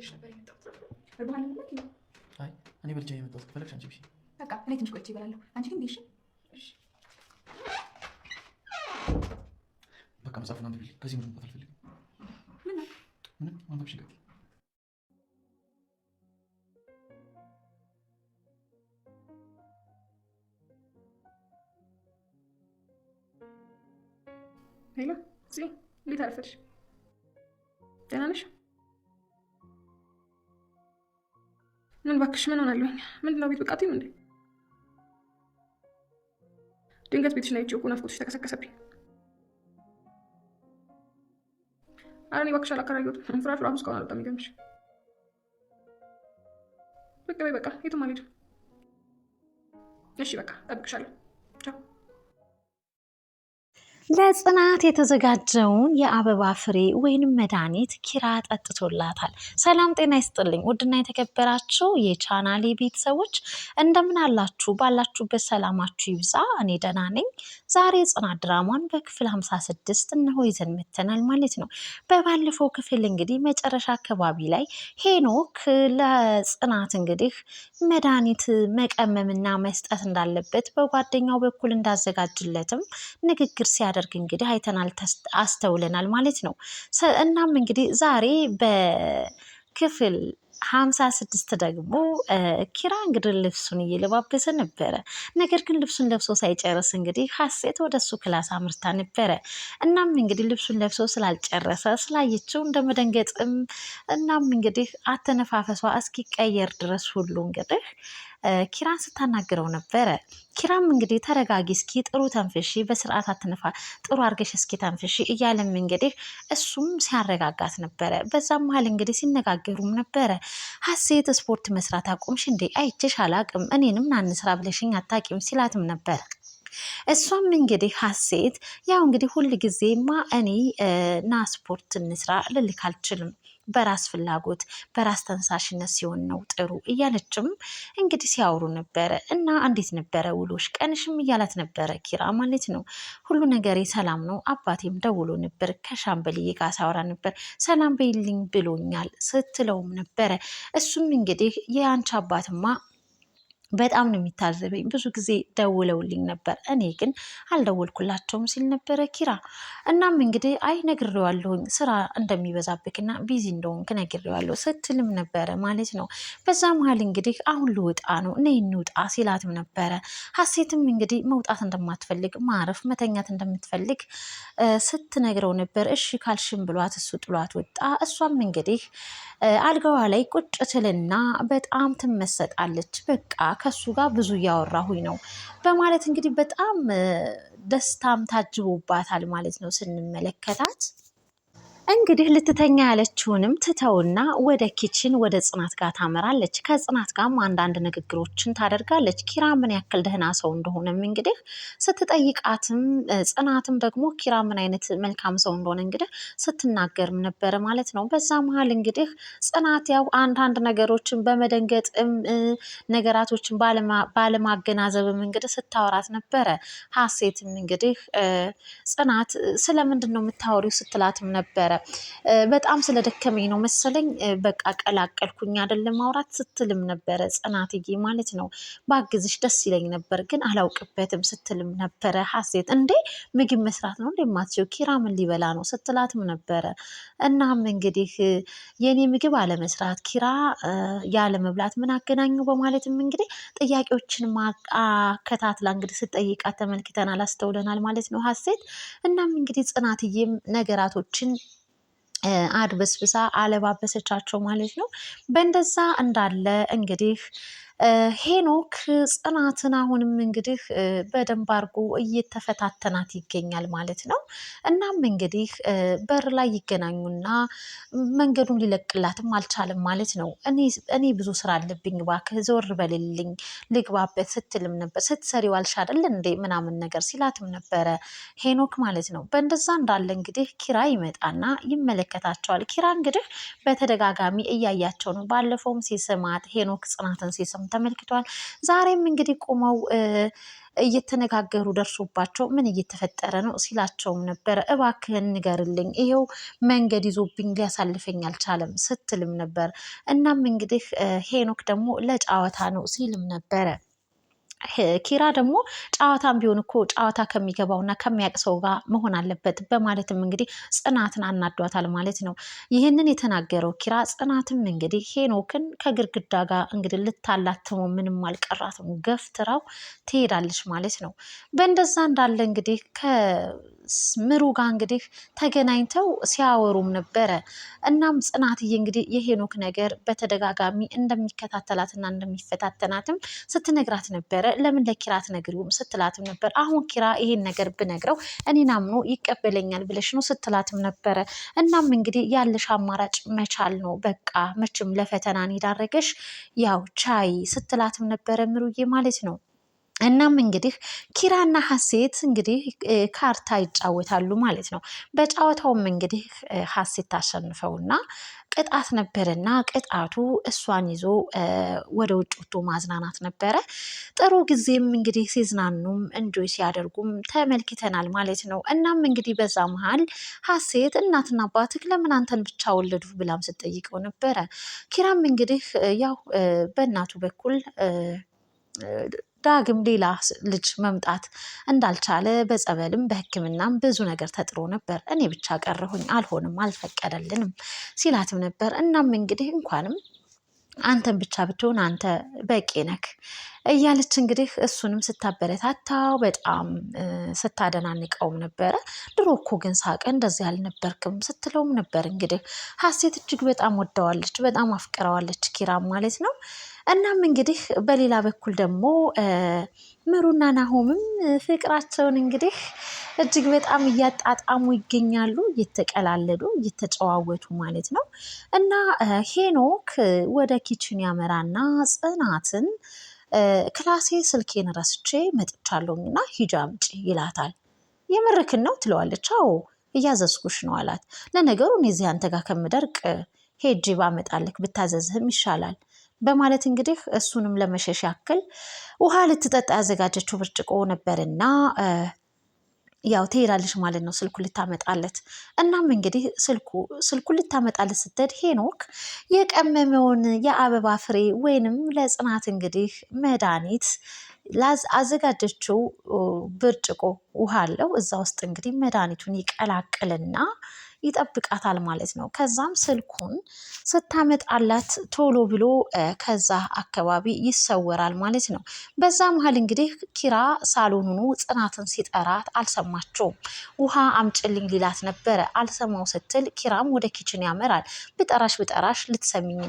ልፈልግሽ ነበር የመጣሁት። በባህል ነው። አይ እኔ በልጃ የመጣሁት። ከፈለግሽ አንቺ ብሽ በቃ እኔ ትንሽ ቆይቼ እበላለሁ። አንቺ ግን ብሽ በቃ መጽሐፉን አንብቢልኝ። ከዚህ ምንም መውጣት አልፈልግም። ምንም ምንም ማንበብሽ ገብ ሄሎ፣ እንዴት አረፈድሽ? ደህና ነሽ? ምን ባክሽ፣ ምን ሆናለሁኝ? ምንድነው ቤት ብቃትም እንዴ? ድንገት ቤትሽ ላይ ጭቁ ናፍቆትሽ ተቀሰቀሰብኝ። አረ እኔ ባክሽ አላከራየሁትም። ፍራሹ ራሱ እስካሁን አልወጣም። የሚገርምሽ ብቅ በይ፣ በቃ የትም አልሄድም። እሺ በቃ ጠብቅሻለሁ። ቻው ለጽናት የተዘጋጀውን የአበባ ፍሬ ወይንም መድኃኒት ኪራ ጠጥቶላታል። ሰላም ጤና ይስጥልኝ። ውድና የተከበራችሁ የቻናሌ ቤተሰቦች እንደምን አላችሁ? ባላችሁበት ሰላማችሁ ይብዛ። እኔ ደህና ነኝ። ዛሬ ጽናት ድራማን በክፍል 56 እነሆ ይዘን መተናል ማለት ነው። በባለፈው ክፍል እንግዲህ መጨረሻ አካባቢ ላይ ሄኖክ ለጽናት እንግዲህ መድኃኒት መቀመምና መስጠት እንዳለበት በጓደኛው በኩል እንዳዘጋጅለትም ንግግር ሲያደርግ እንግዲህ አይተናል፣ አስተውለናል ማለት ነው። እናም እንግዲህ ዛሬ በክፍል ሀምሳ ስድስት ደግሞ ኪራ እንግዲህ ልብሱን እየለባበሰ ነበረ። ነገር ግን ልብሱን ለብሶ ሳይጨርስ እንግዲህ ሀሴት ወደ እሱ ክላስ አምርታ ነበረ። እናም እንግዲህ ልብሱን ለብሶ ስላልጨረሰ ስላየችው እንደ መደንገጥም እናም እንግዲህ አተነፋፈሷ እስኪቀየር ድረስ ሁሉ እንግዲህ ኪራን ስታናግረው ነበረ። ኪራም እንግዲህ ተረጋጊ እስኪ ጥሩ ተንፍሺ፣ በስርዓት አትንፋ፣ ጥሩ አርገሽ እስኪ ተንፍሺ እያለም እንግዲህ እሱም ሲያረጋጋት ነበረ። በዛም መሀል እንግዲህ ሲነጋገሩም ነበረ። ሀሴት ስፖርት መስራት አቁምሽ እንዴ? አይቼሽ አላቅም እኔንም ናንስራ ብለሽኝ አታቂም ሲላትም ነበር። እሷም እንግዲህ ሀሴት ያው እንግዲህ ሁል ጊዜማ እኔ ና ስፖርት እንስራ ልልክ አልችልም በራስ ፍላጎት በራስ ተነሳሽነት ሲሆን ነው ጥሩ እያለችም እንግዲህ ሲያወሩ ነበረ። እና እንዴት ነበረ ውሎሽ ቀንሽም እያላት ነበረ ኪራ ማለት ነው። ሁሉ ነገሬ ሰላም ነው፣ አባቴም ደውሎ ነበር ከሻምበልዬ ጋር ሳወራ ነበር ሰላም በይልኝ ብሎኛል ስትለውም ነበረ። እሱም እንግዲህ የአንቺ አባትማ በጣም ነው የሚታዘበኝ። ብዙ ጊዜ ደውለውልኝ ነበር፣ እኔ ግን አልደወልኩላቸውም ሲል ነበረ ኪራ። እናም እንግዲህ አይ ነግሬዋለሁኝ ስራ እንደሚበዛብክና ቢዚ እንደሆንክ ነግሬዋለሁ ስትልም ነበረ ማለት ነው። በዛ መሀል እንግዲህ አሁን ልውጣ ነው ነይ እንውጣ ሲላትም ነበረ። ሀሴትም እንግዲህ መውጣት እንደማትፈልግ ማረፍ፣ መተኛት እንደምትፈልግ ስትነግረው ነበር። እሺ ካልሽም ብሏት እሱ ጥሏት ወጣ። እሷም እንግዲህ አልጋዋ ላይ ቁጭ ትልና በጣም ትመሰጣለች። በቃ ከሱ ጋር ብዙ እያወራሁኝ ነው በማለት እንግዲህ በጣም ደስታም ታጅቦባታል ማለት ነው ስንመለከታት። እንግዲህ ልትተኛ ያለችውንም ትተውና ወደ ኪችን ወደ ጽናት ጋር ታመራለች። ከጽናት ጋርም አንዳንድ ንግግሮችን ታደርጋለች። ኪራ ምን ያክል ደህና ሰው እንደሆነም እንግዲህ ስትጠይቃትም፣ ጽናትም ደግሞ ኪራ ምን አይነት መልካም ሰው እንደሆነ እንግዲህ ስትናገርም ነበረ ማለት ነው። በዛ መሀል እንግዲህ ጽናት ያው አንዳንድ ነገሮችን በመደንገጥም ነገራቶችን ባለማገናዘብም እንግዲህ ስታወራት ነበረ። ሀሴትም እንግዲህ ጽናት ስለምንድን ነው የምታወሪው ስትላትም ነበረ በጣም ስለደከመኝ ነው መሰለኝ በቃ ቀላቀልኩኝ አይደለም ማውራት ስትልም ነበረ ጽናትዬ ማለት ነው። ባግዝሽ ደስ ይለኝ ነበር ግን አላውቅበትም ስትልም ነበረ ሀሴት። እንዴ ምግብ መስራት ነው እንደማትችው ኪራ ምን ሊበላ ነው ስትላትም ነበረ። እናም እንግዲህ የእኔ ምግብ አለመስራት ኪራ ያለመብላት ምን አገናኙ በማለትም እንግዲህ ጥያቄዎችን አከታትላ እንግዲህ ስጠይቃት ተመልክተናል፣ አስተውለናል ማለት ነው ሀሴት። እናም እንግዲህ ጽናትዬም ነገራቶችን አድበስብሳ አለባበሰቻቸው ማለት ነው። በእንደዛ እንዳለ እንግዲህ ሄኖክ ጽናትን አሁንም እንግዲህ በደንብ አርጎ እየተፈታተናት ይገኛል ማለት ነው። እናም እንግዲህ በር ላይ ይገናኙና መንገዱን ሊለቅላትም አልቻለም ማለት ነው። እኔ ብዙ ስራ አለብኝ እባክህ ዞር በልልኝ ልግባበት ስትልም ነበር። ስትሰሪው አልሻደል እንዴ ምናምን ነገር ሲላትም ነበረ ሄኖክ ማለት ነው። በእንደዛ እንዳለ እንግዲህ ኪራ ይመጣና ይመለከታቸዋል። ኪራ እንግዲህ በተደጋጋሚ እያያቸው ነው። ባለፈውም ሲስማት ሄኖክ ጽናትን ሲስም ተመልክቷል። ዛሬም እንግዲህ ቆመው እየተነጋገሩ ደርሶባቸው ምን እየተፈጠረ ነው ሲላቸውም ነበረ። እባክህን ንገርልኝ፣ ይሄው መንገድ ይዞብኝ ሊያሳልፈኝ አልቻለም ስትልም ነበር። እናም እንግዲህ ሄኖክ ደግሞ ለጨዋታ ነው ሲልም ነበረ። ኪራ ደግሞ ጨዋታም ቢሆን እኮ ጨዋታ ከሚገባውና ከሚያቅሰው ጋር መሆን አለበት በማለትም እንግዲህ ጽናትን አናዷታል ማለት ነው። ይህንን የተናገረው ኪራ ጽናትም እንግዲህ ሄኖክን ከግድግዳ ጋር እንግዲህ ልታላትሞ ምንም አልቀራትም ገፍትራው ትሄዳለች ማለት ነው። በእንደዛ እንዳለ እንግዲህ ምሩ ጋር እንግዲህ ተገናኝተው ሲያወሩም ነበረ። እናም ጽናትዬ እንግዲህ የሄኖክ ነገር በተደጋጋሚ እንደሚከታተላትና እንደሚፈታተናትም ስትነግራት ነበረ። ለምን ለኪራ አትነግሪውም ስትላትም ነበር። አሁን ኪራ ይሄን ነገር ብነግረው እኔን አምኖ ይቀበለኛል ብለሽ ነው ስትላትም ነበረ። እናም እንግዲህ ያለሽ አማራጭ መቻል ነው። በቃ መቼም ለፈተናን የዳረገሽ ያው ቻይ ስትላትም ነበረ ምሩዬ ማለት ነው። እናም እንግዲህ ኪራና ሀሴት እንግዲህ ካርታ ይጫወታሉ ማለት ነው። በጨዋታውም እንግዲህ ሀሴት ታሸንፈውና ቅጣት ነበርና ቅጣቱ እሷን ይዞ ወደ ውጭ ወጥቶ ማዝናናት ነበረ። ጥሩ ጊዜም እንግዲህ ሲዝናኑም እንጆይ ሲያደርጉም ተመልክተናል ማለት ነው። እናም እንግዲህ በዛ መሀል ሀሴት እናትና አባትህ ለምን አንተን ብቻ ወለዱ ብላም ስትጠይቀው ነበረ። ኪራም እንግዲህ ያው በእናቱ በኩል ዳግም ሌላ ልጅ መምጣት እንዳልቻለ በጸበልም በሕክምናም ብዙ ነገር ተጥሮ ነበር። እኔ ብቻ ቀረሁኝ፣ አልሆንም፣ አልፈቀደልንም ሲላትም ነበር። እናም እንግዲህ እንኳንም አንተን ብቻ ብትሆን አንተ በቂ ነክ እያለች እንግዲህ እሱንም ስታበረታታው በጣም ስታደናንቀውም ነበረ። ድሮ እኮ ግን ሳቀ እንደዚህ አልነበርክም ስትለውም ነበር። እንግዲህ ሀሴት እጅግ በጣም ወደዋለች፣ በጣም አፍቅረዋለች ኪራም ማለት ነው። እናም እንግዲህ በሌላ በኩል ደግሞ ምሩና ናሆምም ፍቅራቸውን እንግዲህ እጅግ በጣም እያጣጣሙ ይገኛሉ። እየተቀላለዱ እየተጨዋወቱ ማለት ነው። እና ሄኖክ ወደ ኪችን ያመራና ጽናትን ክላሴ ስልኬን ረስቼ መጥቻለሁኝ እና ሂጂ አምጪ ይላታል። የምርክን ነው ትለዋለች። አዎ እያዘዝኩሽ ነው አላት። ለነገሩ እኔ እዚህ አንተ ጋር ከምደርቅ ሄጄ ባመጣልክ ብታዘዝህም ይሻላል በማለት እንግዲህ እሱንም ለመሸሽ ያክል ውሃ ልትጠጣ ያዘጋጀችው ብርጭቆ ነበርና ያው ትሄዳለች ማለት ነው፣ ስልኩ ልታመጣለት። እናም እንግዲህ ስልኩ ስልኩ ልታመጣለት ስትሄድ ሄኖክ የቀመመውን የአበባ ፍሬ ወይንም ለጽናት እንግዲህ መድኃኒት አዘጋጀችው ብርጭቆ ውሃ አለው። እዛ ውስጥ እንግዲህ መድኃኒቱን ይቀላቅልና ይጠብቃታል ማለት ነው። ከዛም ስልኩን ስታመጣላት ቶሎ ብሎ ከዛ አካባቢ ይሰወራል ማለት ነው። በዛ መሀል እንግዲህ ኪራ ሳሎኑኑ ጽናትን ሲጠራት አልሰማቸውም። ውሃ አምጭልኝ ሊላት ነበረ አልሰማው ስትል ኪራም ወደ ኪችን ያመራል። ብጠራሽ ብጠራሽ ልትሰሚኝና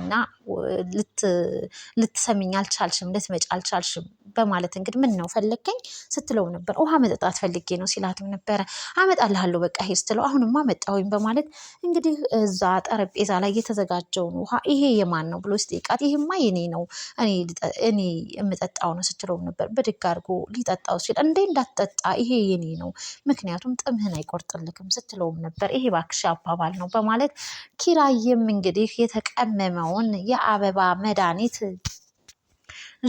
ልትሰሚኝ አልቻልሽም ልትመጪ አልቻልሽም በማለት እንግዲህ ምን ነው ፈለግከኝ ስትለው ነበር። ውሃ መጠጣት ፈልጌ ነው ሲላትም ነበረ። አመጣልሃለሁ በቃ ሄድ ስትለው አሁንማ ወይም በማለት እንግዲህ እዛ ጠረጴዛ ላይ የተዘጋጀውን ውሃ ይሄ የማን ነው ብሎ ሲጠይቃት ይሄማ የኔ ነው እኔ የምጠጣው ነው ስትለው ነበር። ብድግ አድርጎ ሊጠጣው ሲል እንዴ እንዳትጠጣ ይሄ የኔ ነው ምክንያቱም ጥምህን አይቆርጥልክም ስትለውም ነበር። ይሄ ባክሽ አባባል ነው በማለት ኪራይም እንግዲህ የተቀመመውን የአበባ መድኃኒት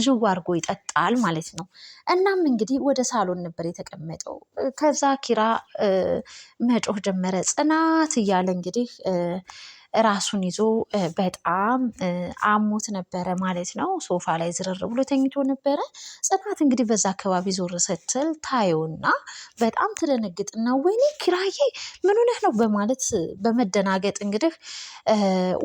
ዥው አድርጎ ይጠጣል ማለት ነው። እናም እንግዲህ ወደ ሳሎን ነበር የተቀመጠው። ከዛ ኪራ መጮህ ጀመረ ጽናት እያለ እንግዲህ ራሱን ይዞ በጣም አሞት ነበረ ማለት ነው። ሶፋ ላይ ዝርር ብሎ ተኝቶ ነበረ። ጽናት እንግዲህ በዛ አካባቢ ዞር ስትል ታየውና በጣም ትደነግጥና ወይኔ ኪራዬ ምን ሆነህ ነው በማለት በመደናገጥ እንግዲህ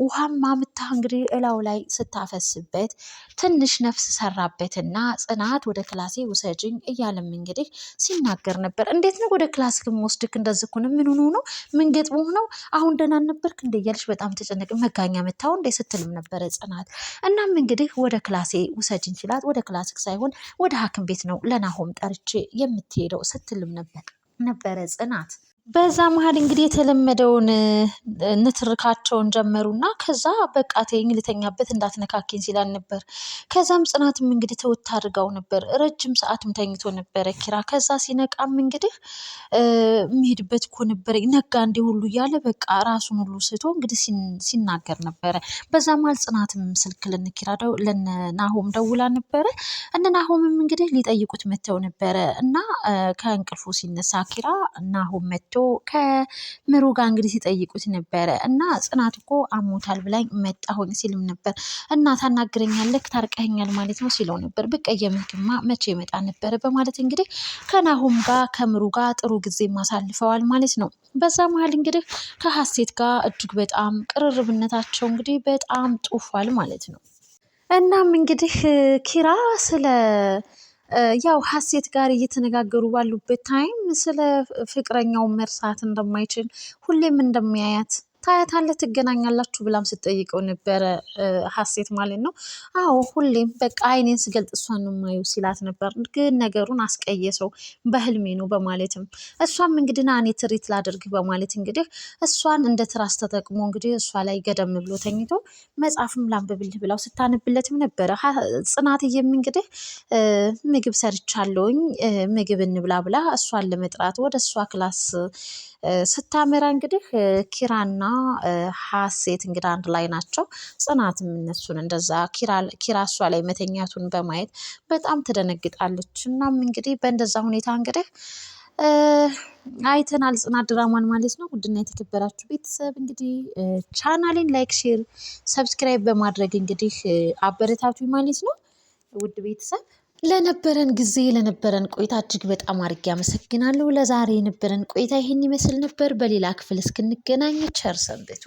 ውሃም ማምታ እንግዲህ እላው ላይ ስታፈስበት ትንሽ ነፍስ ሰራበትና ጽናት ወደ ክላሴ ውሰጅኝ እያለም እንግዲህ ሲናገር ነበር። እንዴት ነው ወደ ክላስ ግን ወስድክ እንደዚህ እኮ ነው? ምን ሆኖ ነው? ምን ገጥሞ ነው? አሁን ደህና ነበርክ እንደ እያለች በጣም ተጨነቅ መጋኛ መታው እንደ ስትልም ነበረ ጽናት። እናም እንግዲህ ወደ ክላሴ ውሰጅ እንችላት ወደ ክላሲክ ሳይሆን ወደ ሐኪም ቤት ነው ለናሆም ጠርቼ የምትሄደው ስትልም ነበር ነበረ ጽናት። በዛ መሀል እንግዲህ የተለመደውን ንትርካቸውን ጀመሩና ከዛ በቃ ተይኝ ልተኛበት ሲላል ነበር። ከዛም ጽናትም እንግዲህ ተውት አድርጋው ነበር። ረጅም ሰዓትም ተኝቶ ነበረ ኪራ። ከዛ ሲነቃም እንግዲህ የሚሄድበት እኮ ነበረ ነጋ እንዲህ ሁሉ እያለ በቃ ራሱን ሁሉ ስቶ እንግዲህ ሲናገር ነበረ። በዛ መሀል ጽናትም ስልክ ልንኪራ ለናሆም ደውላ ነበረ። እነ ናሆምም እንግዲህ ሊጠይቁት መጥተው ነበረ እና ከእንቅልፉ ሲነሳ ኪራ ናሆም መጥቶ ናቸው ከምሩ ጋር እንግዲህ ሲጠይቁት ነበረ እና ጽናት እኮ አሞታል ብላኝ መጣሁኝ ሲልም ነበር እና ታናግረኛለህ ታርቀኛል ማለት ነው ሲለው ነበር ብቀየምህማ መቼ ይመጣ ነበረ በማለት እንግዲህ ከናሁም ጋር ከምሩ ጋር ጥሩ ጊዜ ማሳልፈዋል ማለት ነው። በዛ መሀል እንግዲህ ከሀሴት ጋር እጅግ በጣም ቅርርብነታቸው እንግዲህ በጣም ጡፏል ማለት ነው። እናም እንግዲህ ኪራ ስለ ያው ሀሴት ጋር እየተነጋገሩ ባሉበት ታይም ስለ ፍቅረኛው መርሳት እንደማይችል ሁሌም እንደሚያያት ታያታለህ ትገናኛላችሁ ብላም ስትጠይቀው ነበረ ሀሴት ማለት ነው። አዎ ሁሌም በቃ አይኔን ስገልጥ እሷን ነው የማየው ሲላት ነበር። ግን ነገሩን አስቀየሰው በህልሜ ነው በማለትም እሷም እንግዲህ ና እኔ ትሪት ላደርግ በማለት እንግዲህ እሷን እንደ ትራስ ተጠቅሞ እንግዲህ እሷ ላይ ገደም ብሎ ተኝቶ መጽሐፍም ላንብብልህ ብላው ስታነብለትም ነበረ። ጽናትዬም እንግዲህ ምግብ ሰርቻለውኝ ምግብ እንብላ ብላ እሷን ለመጥራት ወደ እሷ ክላስ ስታመራ እንግዲህ ኪራና ሀሴት እንግዲህ አንድ ላይ ናቸው። ጽናትም እነሱን እንደዛ ኪራ እሷ ላይ መተኛቱን በማየት በጣም ትደነግጣለች። እናም እንግዲህ በእንደዛ ሁኔታ እንግዲህ አይተናል ጽናት ድራማን ማለት ነው። ውድና የተከበራችሁ ቤተሰብ እንግዲህ ቻናሌን ላይክ፣ ሼር፣ ሰብስክራይብ በማድረግ እንግዲህ አበረታቱ ማለት ነው። ውድ ቤተሰብ ለነበረን ጊዜ ለነበረን ቆይታ እጅግ በጣም አድርጌ አመሰግናለሁ። ለዛሬ የነበረን ቆይታ ይህን ይመስል ነበር። በሌላ ክፍል እስክንገናኝ ቸር ሰንብቱ።